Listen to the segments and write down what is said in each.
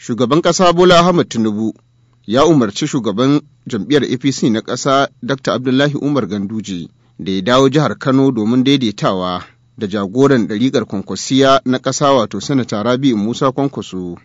Shugaban ƙasa Bola Ahmed Tinubu ya umarci shugaban jam'iyyar APC na ƙasa Dr. Abdullahi Umar Ganduje da ya dawo jihar Kano domin daidaitawa da jagoran ɗariƙar kwankwasiya na ƙasa wato Sanata Rabi'u Musa Kwankwaso.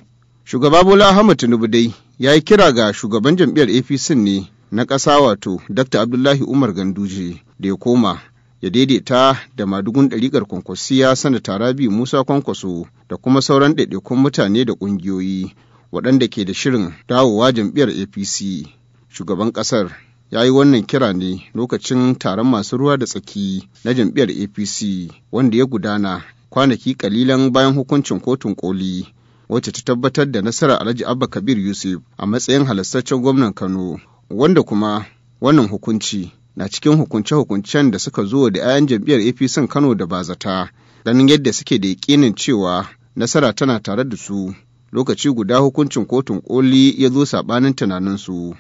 Shugaba Bola Ahmed Tinubu dai ya yi kira ga shugaban jam'iyyar APC ne na ƙasa wato Dr. Abdullahi Umar Ganduje da ya koma ya daidaita da madugun ɗariƙar kwankwasiya sanata rabi musa kwankwaso da kuma sauran ɗaiɗaikun mutane da ƙungiyoyi waɗanda ke da shirin dawowa jam'iyyar apc shugaban ƙasar ya yi wannan kira ne lokacin taron masu ruwa da tsaki na jam'iyyar apc wanda ya gudana kwanaki kalilan bayan hukuncin kotun koli wacce ta tabbatar da nasarar alhaji abba kabir yusuf a matsayin halastaccen gwamnan kano wanda kuma wannan hukunci na cikin hukunce-hukuncen da suka zo da 'ya'yan jam'iyyar apc kano da bazata ganin yadda suke da yakinin cewa nasara tana tare da su lokaci guda hukuncin kotun koli ya zo saɓanin su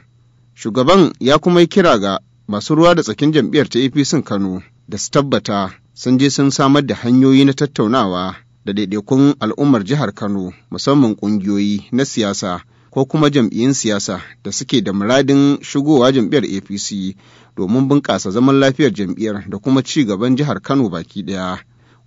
shugaban ya kuma yi kira ga masu ruwa da tsakin jam'iyyar ta apc kano da su tabbata sun je sun samar da hanyoyi na tattaunawa da daidaikun al'ummar jihar kano musamman ƙungiyoyi na siyasa ko kuma jam'iyyun siyasa da suke da muradin shigowa jam'iyyar apc domin bunƙasa zaman lafiyar jam'iyyar da kuma ci gaban jihar kano baki ɗaya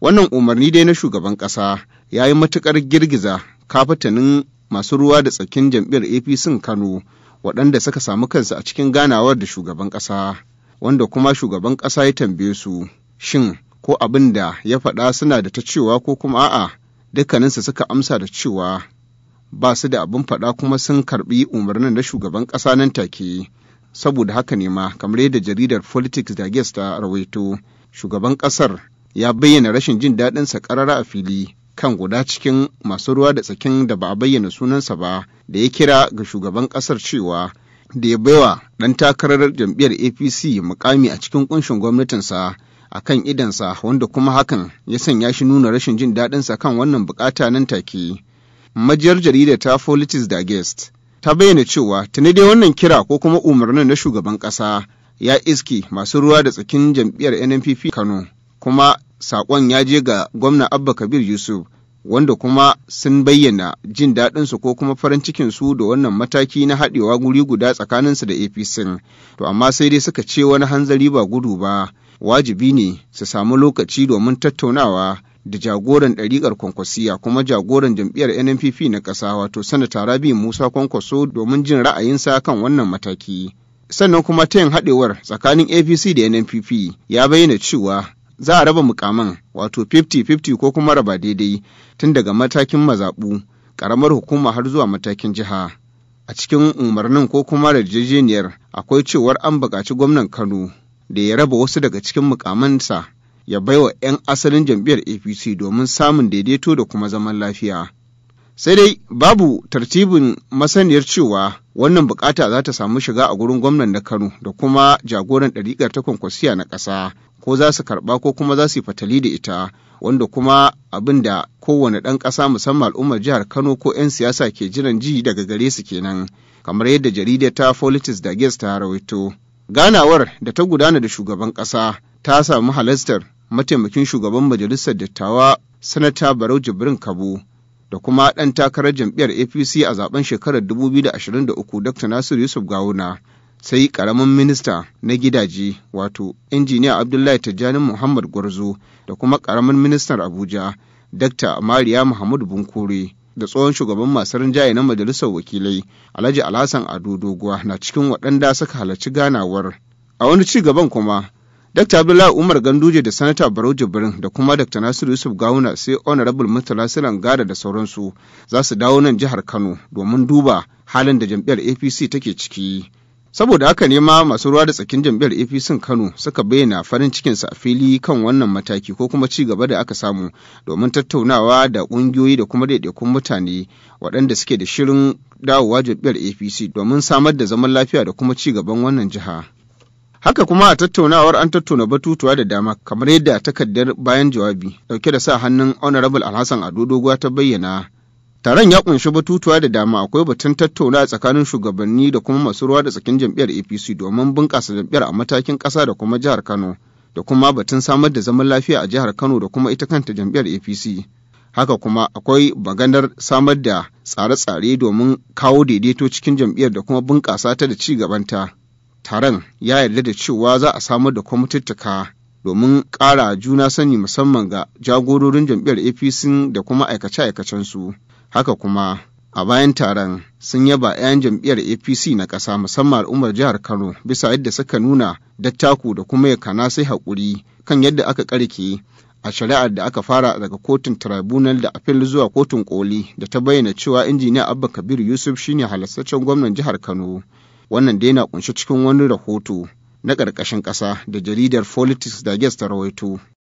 wannan umarni dai na shugaban ƙasa ya yi matuƙar girgiza kafatanin masu ruwa da tsakin jam'iyyar apc kano waɗanda suka samu kansu a cikin ganawar da shugaban ƙasa wanda kuma shugaban ƙasa ya tambaye su shin ko abin da ya faɗa suna da ta cewa ko kuma a'a dukkaninsu suka amsa da cewa ba su da abin faɗa kuma sun karɓi umarnin na shugaban ƙasa nan take saboda haka ne ma kamar yadda jaridar politics da gas ta rawaito shugaban ƙasar ya bayyana rashin jin daɗin sa ƙarara a fili kan guda cikin masu ruwa da tsakin da ba a bayyana sunansa ba da ya kira ga shugaban ƙasar cewa da ya baiwa ɗan takarar jam'iyyar apc mukami a cikin ƙunshin gwamnatinsa a kan idansa wanda kuma hakan ya sanya shi nuna rashin jin daɗinsa kan wannan bukata nan take majiyar jaridar ta Politics Digest ta bayyana cewa tuni dai wannan kira ko kuma umarnin na shugaban ƙasa ya iski masu ruwa da tsakin jam'iyyar NNPP Kano kuma saƙon ya je ga gwamna Abba Kabir Yusuf wanda kuma sun bayyana jin daɗinsu ko kuma farin cikin su da wannan mataki na haɗewa guri guda tsakaninsu da APC. To amma sai dai suka ce wani hanzari ba gudu ba, wajibi ne su samu lokaci domin tattaunawa da jagoran ɗariƙar kwankwasiya kuma jagoran jam'iyyar nnpp na ƙasa wato sanata rabi musa kwankwaso domin jin ra'ayinsa kan wannan mataki sannan kuma ta yin haɗewar tsakanin apc da nnpp ya bayyana cewa za a raba mukaman wato 50-50 ko kuma raba daidai tun daga matakin mazaɓu ƙaramar hukuma har zuwa matakin jiha a cikin umarnin ko kuma yarjejeniyar akwai cewar an buƙaci gwamnan kano da ya raba wasu daga cikin mukamansa ya baiwa 'yan asalin jam'iyyar apc domin samun daidaito da kuma zaman lafiya sai dai babu tartibin masaniyar cewa wannan bukata za ta samu shiga a gurin gwamnan na kano da kuma jagoran ɗariƙar ta kwankwasiya na ƙasa ko za su karɓa ko kuma za su yi fatali da ita wanda kuma abin da kowane ɗan ƙasa musamman al'ummar jihar kano ko 'yan siyasa ke jiran ji daga gare su kenan kamar yadda jaridar ta politics da ges ta rawaito ganawar da ta gudana da shugaban ƙasa ta samu halastar mataimakin shugaban majalisar dattawa sanata barau jibrin Kabu da kuma ɗan takarar jam'iyyar apc a zaben shekarar 2023 dr nasiru yusuf gawuna sai karamin minista na gidaje wato injiniya abdullahi tijjani muhammad gwarzo da kuma karamin ministan abuja dr mariya muhammad bunkure da tsohon shugaban masu rinjaye na majalisar wakilai alhaji alhassan ado doguwa na cikin waɗanda suka halarci ganawar a wani ci gaban kuma Dr. Abdullahi Umar Ganduje da Sanata Barau Jibrin da kuma Dr. Nasiru Yusuf Gawuna sai Honorable Murtala Silan Gada da sauransu za su dawo nan jihar Kano domin duba halin da jam'iyyar APC take ciki. Saboda haka ne ma masu ruwa da tsakin jam'iyyar APC Kano suka bayyana farin cikin a fili kan wannan mataki ko kuma ci gaba da aka samu domin tattaunawa da ƙungiyoyi da kuma daidaikun mutane waɗanda suke da shirin dawowa jam'iyyar APC domin samar da zaman lafiya da kuma ci gaban wannan jiha. Haka kuma a tattaunawar an tattauna batutuwa da dama kamar yadda takardar bayan jawabi dauke da sa hannun Honorable Alhassan Ado Doguwa ta bayyana. Taron ya kunshi batutuwa da dama akwai batun tattauna a tsakanin shugabanni da kuma masu ruwa da tsakin jam'iyyar APC domin bunƙasa jam'iyyar a matakin ƙasa da kuma jihar Kano da kuma batun samar da zaman lafiya a jihar Kano da kuma ita kanta jam'iyyar APC. Haka kuma akwai maganar samar da tsare-tsare domin kawo daidaito cikin jam'iyyar da kuma bunƙasa ta da ci gabanta. taron ya yarda da cewa za a samar da kwamitattaka domin ƙara juna sani musamman ga jagororin jam'iyyar apc da kuma aikace-aikacensu haka kuma a bayan taron sun yaba 'yan jam'iyyar apc na ƙasa musamman al'ummar jihar kano bisa yadda suka nuna dattaku da kuma ya kana sai haƙuri kan yadda aka ƙarke a shari'ar da aka fara daga kotun tribunal da afil zuwa kotun koli da ta bayyana cewa injiniya abba kabir yusuf shine halastaccen gwamnan jihar kano wannan dai na kunshi cikin wani rahoto na ƙarƙashin ƙasa da jaridar politics da ta rawaito